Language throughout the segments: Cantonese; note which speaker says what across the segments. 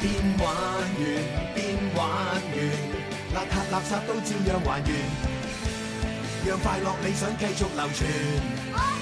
Speaker 1: 邊玩完邊玩完，邋遢垃,垃圾都照樣還原，讓快樂理想繼續流傳。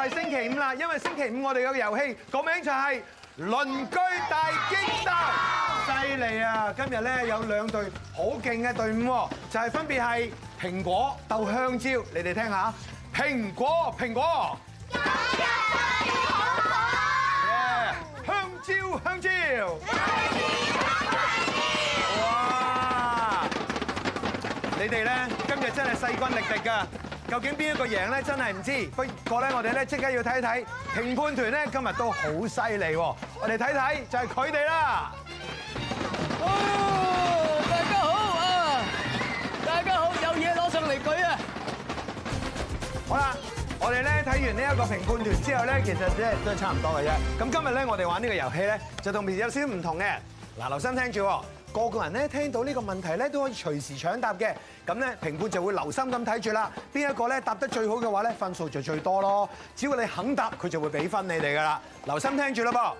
Speaker 1: 係星期五啦，因為星期五我哋嘅遊戲個名就係鄰居大激鬥，犀利啊！今日咧有兩隊好勁嘅隊伍，就係分別係蘋果鬥香蕉，你哋聽下，蘋果蘋果，香蕉香蕉，哇！你哋咧今日真係勢均力敵㗎。究竟邊一個贏咧？真係唔知。不過咧，我哋咧即刻要睇一睇評判團咧，今日都好犀利。我哋睇睇就係佢哋啦。
Speaker 2: 大家好啊！大家好，有嘢攞上嚟舉啊！
Speaker 1: 好啦，我哋咧睇完呢一個評判團之後咧，其實即係都係差唔多嘅啫。咁今日咧，我哋玩呢個遊戲咧，就同平時有少少唔同嘅。嗱，留心聽住喎。個個人呢聽到呢個問題呢都可以隨時搶答嘅，評判就會留心咁睇住啦，邊一個答得最好嘅話分數就最多囉。只要你肯答，佢就會俾分你哋㗎啦，留心聽住啦。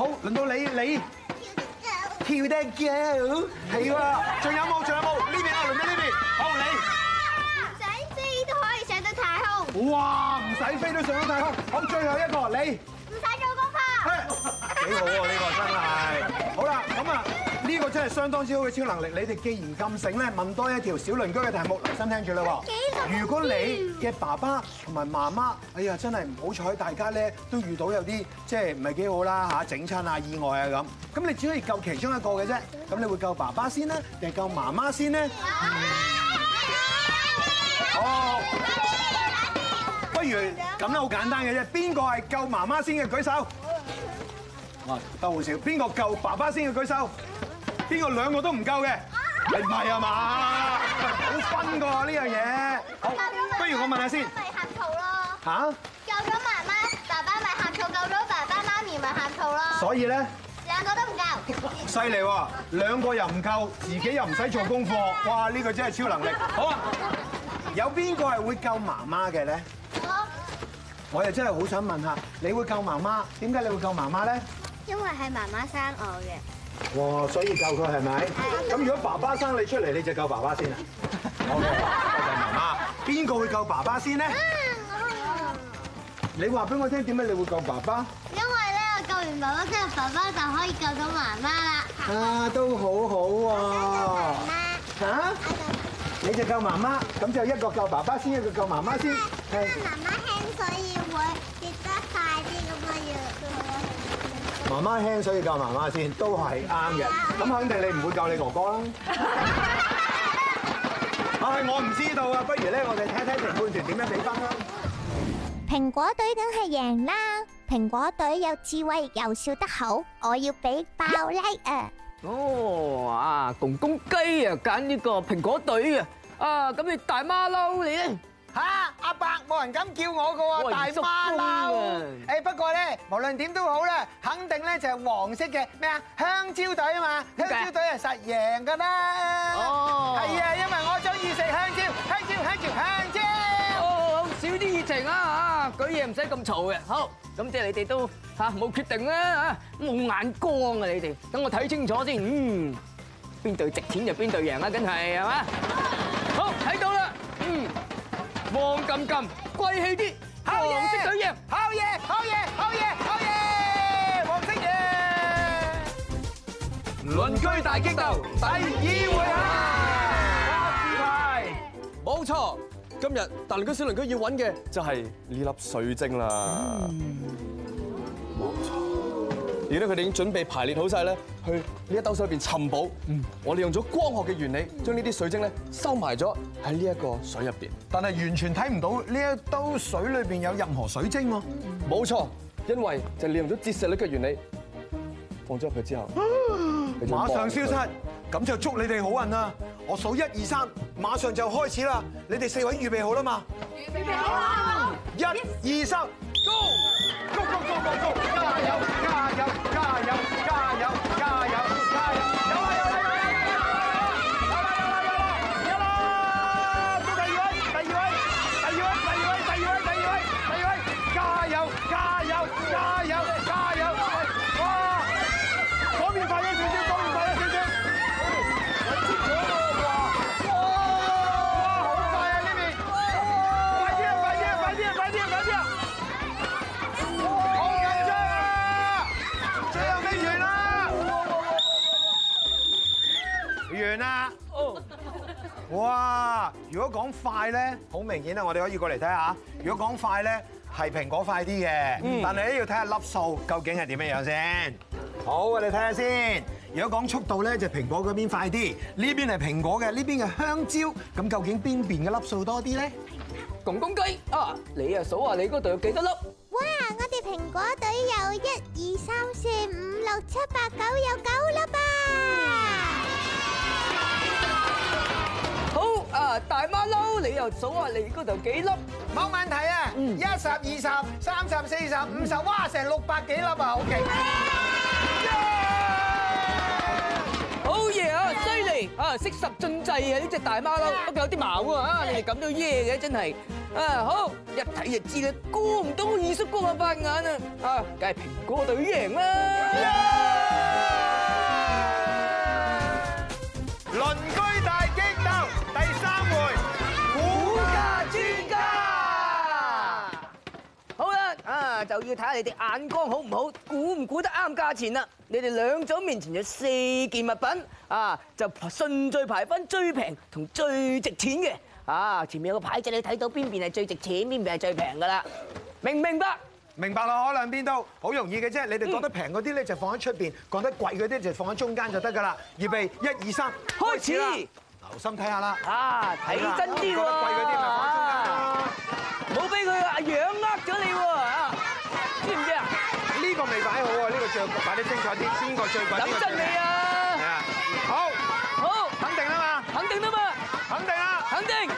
Speaker 1: 好，輪到你，你跳得高，跳得高，係喎，仲有冇？仲有冇？呢邊啊，輪到呢邊，好，你，唔使飛都可以上到太空，哇，唔使飛都上到太空，好，最後一個，你，唔使做功課，幾好喎，呢個真係，好啦，咁啊。呢個真係相當之好嘅超能力，你哋既然咁醒咧，問多一條小鄰居嘅題目，留心聽住啦喎。如果你嘅爸爸同埋媽媽，哎呀，真係唔好彩，大家咧都遇到有啲即係唔係幾好啦嚇，整親啊意外啊咁。咁你只可以救其中一個嘅啫。咁你會救爸爸先咧，定係救媽媽先呢？好，不如咁啦，好簡單嘅啫。邊個係救媽媽先嘅舉手？啊，都好少。邊個救爸爸先嘅舉手？邊個兩個都唔夠嘅？唔係啊嘛，冇分㗎呢樣嘢。好，不如我問下先。咪呷醋咯。吓？救咗媽媽，爸爸咪呷醋；救咗爸爸媽咪，咪呷醋咯。所以咧？兩個都唔夠。犀利喎，兩個又唔夠，自己又唔使做功課。哇！呢個真係超能力。好啊，有邊個係會救媽媽嘅咧？我我又真係好想問下，你會救媽媽？點解你會救媽媽咧？因為係媽媽生我嘅。哇！所以救佢係咪？咁如果爸爸生你出嚟，你就救爸爸先啊？我救爸爸，救媽媽。邊個會救爸爸先咧？嗯，我。你
Speaker 2: 話
Speaker 1: 俾我聽，點解你會救爸爸？因為咧，我救完爸爸之
Speaker 2: 後，爸爸就可
Speaker 1: 以救到媽媽啦。啊，都好好喎。我救媽媽。嚇？我救。你就救媽媽，咁就一個救爸爸先，一個救媽媽先。因
Speaker 2: 為媽媽輕，所以會。
Speaker 1: 媽媽輕，所以教媽媽先，都係啱嘅。咁肯定你唔會教你哥哥啦。唉！我唔知道啊，不如咧，我哋睇睇裁判點樣畀分啦。
Speaker 2: 蘋果隊梗係贏啦！蘋果隊有智慧又笑得好，我要畀爆
Speaker 1: 叻啊！哦
Speaker 2: 啊！公公雞啊，揀呢個蘋果隊啊！啊咁，你大馬騮你
Speaker 1: 咧？吓！阿伯冇人敢叫我㗎喎，大媽啦！誒不過呢，無論點都好呢，肯定呢就係黃色嘅咩啊，香蕉隊啊嘛，香蕉隊係實贏㗎啦。哦，係啊，因為我中意食香蕉，香蕉，香蕉，香蕉。好，
Speaker 2: 少啲熱情啦吓，舉嘢唔使咁嘈嘅。好，咁即係你哋都吓冇決定啦吓，冇眼光啊你哋。等我睇清楚先，嗯，邊隊值錢就邊隊贏啦，梗係係嘛。黃金金貴氣啲，黃色隊贏，好嘢，好嘢，好嘢，好嘢，
Speaker 1: 黃色贏。
Speaker 2: 鄰居大激鬥第二回合，
Speaker 1: 掛、啊、
Speaker 2: 冇錯，今日大鄰居小鄰居要揾嘅就係呢粒水晶啦，冇錯，而家佢哋已經準備排列好晒咧。去呢一兜水入邊尋寶，
Speaker 1: 我利用咗光學嘅原理，將呢啲水晶咧收埋咗喺呢一個水入邊，但係完全睇唔到呢一兜水裏邊有任何水晶喎。冇錯，因為就利用咗折射力嘅原理，放咗佢之後，
Speaker 2: 你馬上消失。
Speaker 1: 咁就祝你哋好運啦！我數一二三，馬上就開始啦！你哋四位預備好啦嘛？預備好啦！一、二、三，Go！Go go go go go！加油！加油！哇！如果講快咧，好明顯啦，我哋可以過嚟睇下。如果講快咧，係蘋果快啲嘅，但係都要睇下粒數究竟係點樣樣先。好啊，你睇下先。如果講速度咧，就蘋果嗰邊快啲。呢邊係蘋果嘅，呢邊係香蕉。咁究竟邊邊嘅粒數多啲咧？公公雞啊，你啊數下你嗰度有幾多粒？哇！我哋蘋果
Speaker 2: 隊有一二三四五六七八九，有九粒啊。大馬騮，你又數下你嗰度幾粒？冇問題啊，一十、二十、三十、四十、五十，哇，成六百幾粒啊！好勁！好嘢啊，犀利啊，識十進制啊！呢隻大馬騮，不過有啲茅啊！啊，你哋咁都嘢嘅，真係啊，好一睇就知啦，過唔到二叔哥嘅法眼啊！啊，梗係蘋果隊贏啦！就要睇下你哋眼光好唔好，估唔估得啱價錢啦？你哋兩組面前有四件物品啊，就順序排分最平同最值錢嘅啊！前面有個牌子
Speaker 1: 你睇到邊邊係最值錢，邊邊係最平噶啦？明唔明白？明白啦，可能邊度都好容易嘅啫。你哋覺得平嗰啲咧就放喺出邊，覺得貴嗰啲就放喺中間就得噶啦。預備一二三開，開始留心睇下啦，睇真啲喎，
Speaker 2: 冇俾佢啊樣呃咗你喎、啊！知唔知啊？
Speaker 1: 呢、呢個未擺好啊，呢、呢個最擺得清楚啲，邊個最緊？等陣你
Speaker 2: 啊！好，好，肯定啦嘛，肯定啦嘛，肯定啦，肯定。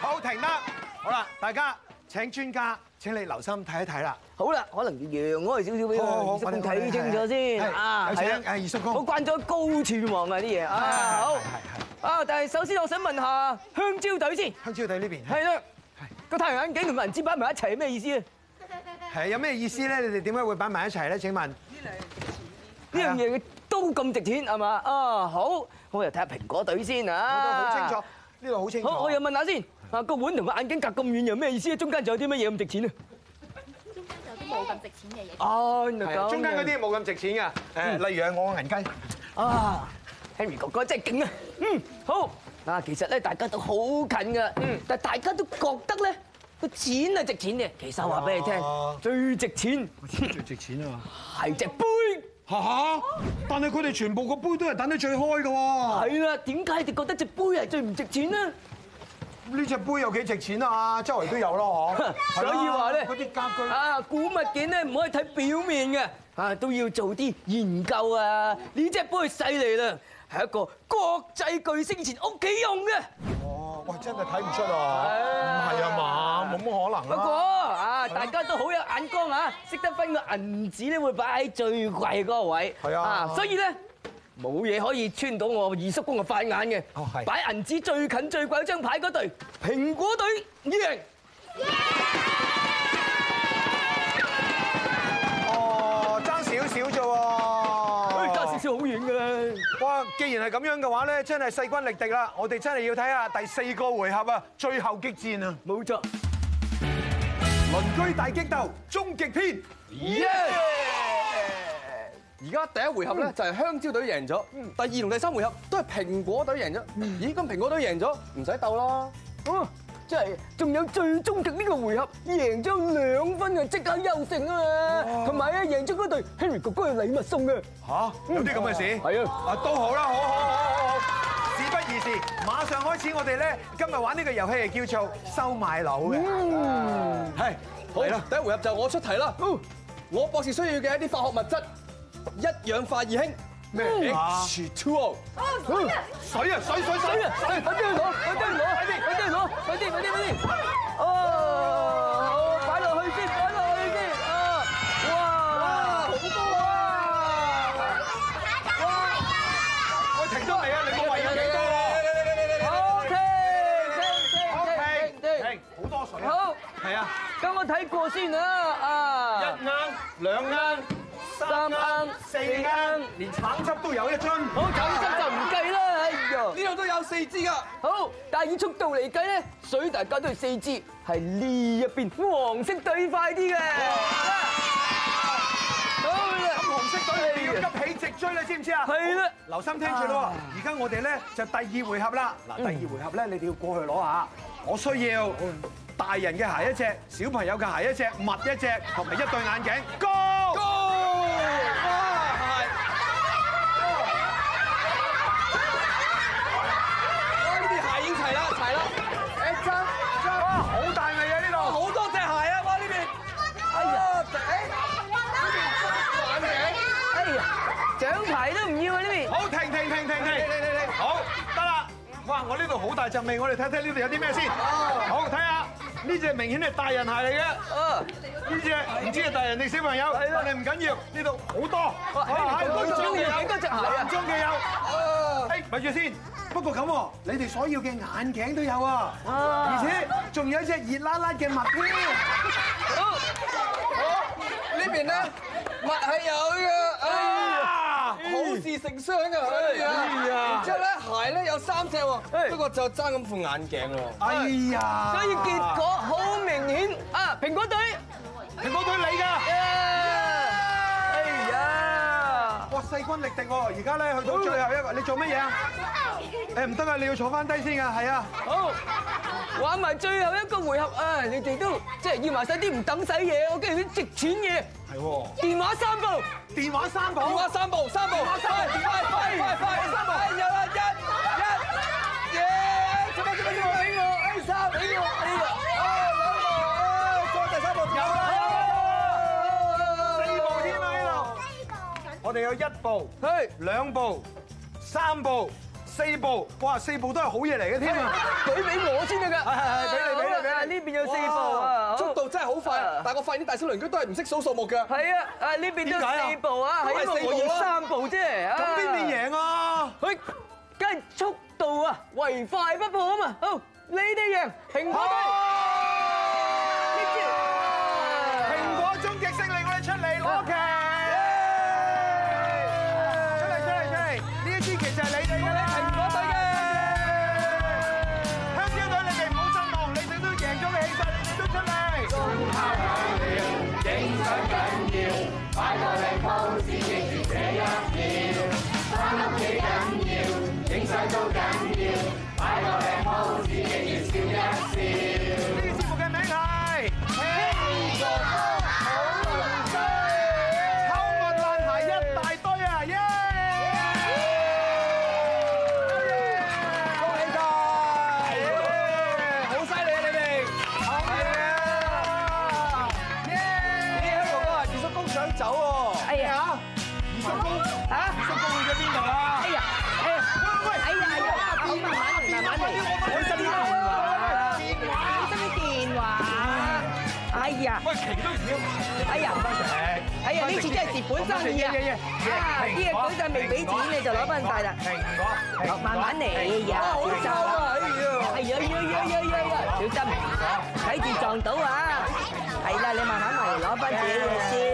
Speaker 1: 好停啦！好啦，大家請專家請你留心睇一睇啦。好啦，可能要讓我哋少少俾我，我睇清楚先啊。係啊，二叔公！我慣咗高處
Speaker 2: 望啊啲嘢啊，好，係係。啊，但係首先我想問下香蕉隊先。香蕉隊呢邊？係啦，個太陽眼鏡同埋銀紙擺埋一齊咩意思啊？係，有咩意思咧？你哋點解會擺埋一齊咧？請問呢兩樣值錢？呢樣嘢都咁值錢係嘛？啊，好，我又睇下蘋果隊先啊。我都好清楚，呢個好清楚。好，我又問下先。啊，個碗同個眼鏡隔咁遠有咩意思？中間仲有啲乜嘢咁值錢啊？中間有啲冇咁值錢
Speaker 1: 嘅嘢。哦，原來咁。中間嗰啲冇咁值錢㗎。誒，例如係我個銀雞。
Speaker 2: 啊，Henry 哥哥真係勁啊！嗯，好。啊，其實咧大家都好近㗎，嗯，但係大家都覺得咧。個錢啊值錢嘅，其實我話俾你聽，最值錢最值錢啊嘛，係隻杯哈。但係佢哋全部個杯都係等得最開噶，係啦。點解你哋覺得隻杯係最唔值錢咧？呢隻杯有
Speaker 1: 幾值錢啊？周圍都有啦呵。所以話
Speaker 2: 呢啲家具啊古物件咧，唔可以睇表面嘅啊，都要做啲研究。啊呢隻杯係犀利啦，係一個國際巨星前屋企用嘅。哦，
Speaker 1: 哇，真係睇唔出啊，唔係啊嘛 冇乜可能、啊、不過
Speaker 2: 啊，大家都好有眼光啊，識得分個銀紙咧，會擺喺最貴嗰個位、啊。係啊，啊，所以咧冇嘢可以穿到我二叔公嘅法眼嘅。哦、啊，係擺銀紙最近最貴嗰張牌嗰隊、啊，蘋果
Speaker 1: 隊贏、yeah! 哦，爭少少啫喎。誒，爭少少好遠嘅咧。哇！既然係咁樣嘅話咧，真係勢均力敵啦。我哋真係要睇下第四個回合啊，最後激戰啊！冇錯。鄰居大激鬥終極篇，而、yeah! 家、yeah! 第一回合咧就係香蕉隊贏咗，第二同
Speaker 2: 第三回合都係蘋果隊贏咗。咦，咁蘋果隊贏咗，唔使鬥啦。哦、oh，即係仲有最終極呢個回合，贏咗兩分就即刻優勝啊。同埋啊，oh. 贏咗嗰隊 Henry 哥哥有禮物送嘅。
Speaker 1: 吓、huh？有啲咁嘅事？係、yeah. 啊，啊、oh. 都好啦，好好好。好好於是，馬上開始，我哋咧今日玩呢個遊戲係叫做收買佬嘅，係，好啦，第一回合就我出題啦，
Speaker 2: 我博士需要嘅一啲化學物質，一氧化二氫咩？H two O，水啊，水水水啊，水喺邊度攞？快啲攞，快啲，快啲攞，快啲，快啲，快啲，哦。
Speaker 1: 兩間、三間、四間，連橙汁都有一樽。好，橙
Speaker 2: 汁就唔計啦。哎呀，呢度都有四支噶。好，但以速度嚟計咧，水大家都係四支。係呢一邊黃色隊快啲嘅。
Speaker 1: 好啦，咁紅色隊你要急起直追啦，知唔知啊？係啦，留心聽住咯。而、啊、家我哋咧就第二回合啦。嗱，第二回合咧，你哋要過去攞下，我需要。大人嘅鞋一隻，小朋友嘅鞋一隻，襪一隻，同埋一對眼鏡。Go go！go 哇，
Speaker 2: 係！哇，呢啲鞋已經齊啦，齊啦。誒，爭爭好大味啊呢度，好多隻鞋啊！哇，呢邊。好多
Speaker 1: 隻。哇，誒。眼鏡。哎呀，整齊都唔要啊呢邊。好，停這停停停停停停停。好，得啦。哇，我呢度好大陣味，我哋睇睇呢度有啲咩先。好，睇下。呢隻明顯係大人鞋嚟嘅，
Speaker 2: 呢隻唔知係
Speaker 1: 大人定小朋友。係啦，你唔緊要，呢度好多。啊，中嘅有幾多隻鞋啊？中嘅有。誒，咪住先。不過咁喎，你哋所要嘅眼鏡都有啊，而且仲有一隻熱辣辣嘅襪。好，呢邊咧，襪係有嘅。好事成雙啊，哎哎！然之後咧，哎，
Speaker 2: 鞋咧有三隻喎，哎，不過就爭咁副眼鏡咯。哎呀！所以結果
Speaker 1: 好明顯，哎、啊，蘋果隊，蘋果隊你㗎。勢均力敵喎，而家咧去到最後一個，你做乜嘢啊？誒唔得啊，你要坐翻低先啊，係啊。
Speaker 2: 好，玩埋最後一個回合啊！你哋都即係要埋曬啲唔等使嘢，我驚住啲值錢嘢。係
Speaker 1: 喎，
Speaker 2: 電話三部，電話三部，電話三部，三部。快快快快快快，三部。
Speaker 1: 我哋有一步、兩步、三步、四步，哇！四步都係好嘢嚟嘅添啊！對，畀我先得㗎，係係係，畀你畀你嘅，呢邊有四步啊！速度真係好快，但係我發現啲大小鄰居都係唔識數數目嘅。係
Speaker 2: 啊，啊呢邊都有四步啊，係四步啦，三步啫。咁邊邊贏啊？嘿，梗係速度啊，唯快不破啊嘛！好，你哋贏，蘋果隊，蘋
Speaker 1: 果終極色。
Speaker 2: 喂，棋都唔要，哎呀，哎呀，呢次真係蝕本生意啊！啲嘢嗰陣未俾錢你就攞翻曬啦！停，停，慢慢嚟啊！好臭啊！哎呀，哎呀，哎呀，哎呀，小心，睇住撞到啊！係啦，你慢慢嚟攞翻。